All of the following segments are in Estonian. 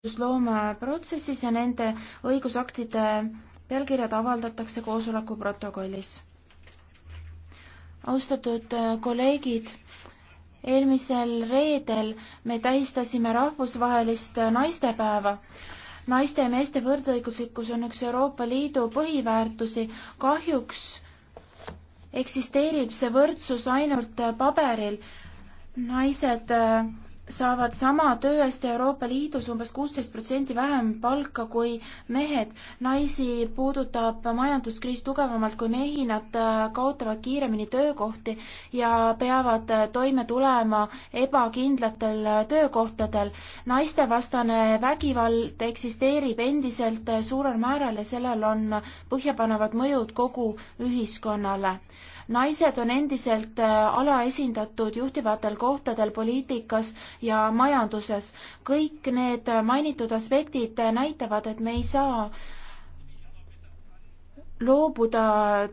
õigusloomeprotsessis ja nende õigusaktide pealkirjad avaldatakse koosoleku protokollis. austatud äh, kolleegid, eelmisel reedel me tähistasime rahvusvahelist äh, naistepäeva. naiste ja meeste võrdõiguslikkus on üks Euroopa Liidu põhiväärtusi. kahjuks eksisteerib see võrdsus ainult äh, paberil. naised saavad sama töö eest Euroopa Liidus umbes kuusteist protsenti vähem palka kui mehed. naisi puudutab majanduskriis tugevamalt kui mehi, nad äh, kaotavad kiiremini töökohti ja peavad äh, toime tulema ebakindlatel äh, töökohtadel. naistevastane vägivald eksisteerib endiselt suurel määral ja sellel on põhjapanevad mõjud kogu ühiskonnale naised on endiselt äh, alaesindatud juhtivatel kohtadel poliitikas ja majanduses. kõik need äh, mainitud aspektid äh, näitavad, et me ei saa loobuda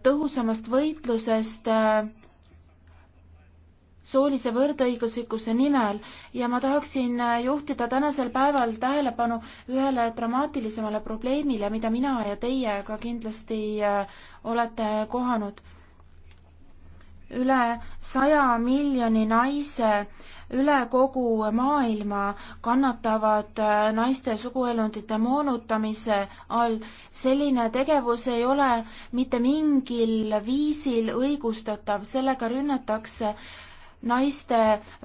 tõhusamast võitlusest soolise võrdõiguslikkuse nimel ja ma tahaksin juhtida tänasel päeval tähelepanu ühele dramaatilisemale probleemile, mida mina ja teie ka kindlasti olete kohanud üle saja miljoni naise üle kogu maailma kannatavad äh, naiste suguelundite moonutamise all. selline tegevus ei ole mitte mingil viisil õigustatav, sellega rünnatakse naiste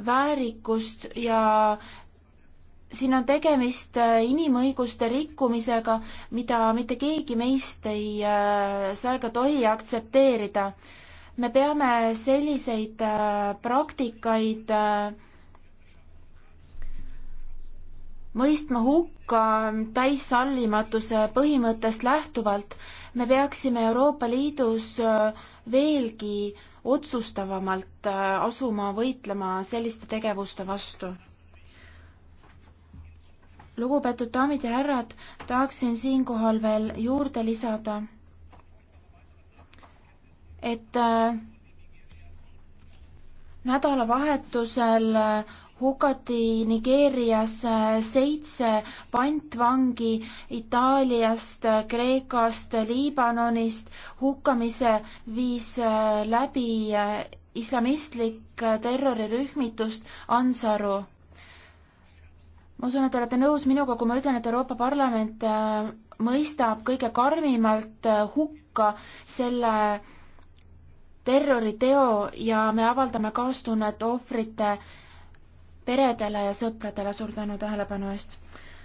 väärikust ja siin on tegemist äh, inimõiguste rikkumisega, mida mitte keegi meist ei äh, saa ega tohi aktsepteerida me peame selliseid äh, praktikaid äh, mõistma hukka täissallimatuse põhimõttest lähtuvalt. me peaksime Euroopa Liidus äh, veelgi otsustavamalt asuma võitlema selliste tegevuste vastu. lugupeetud daamid ja härrad, tahaksin siinkohal veel juurde lisada et äh, nädalavahetusel äh, hukati Nigeerias äh, seitse pantvangi Itaaliast, Kreekast, Liibanonist. hukkamise viis läbi islamistlik terrorirühmitust Ansaru. ma usun, et te olete nõus minuga, kui ma ütlen, et Euroopa Parlament mõistab kõige karmimalt hukka selle terroriteo ja me avaldame kaastunnet ohvrite peredele ja sõpradele. suur tänu tähelepanu eest!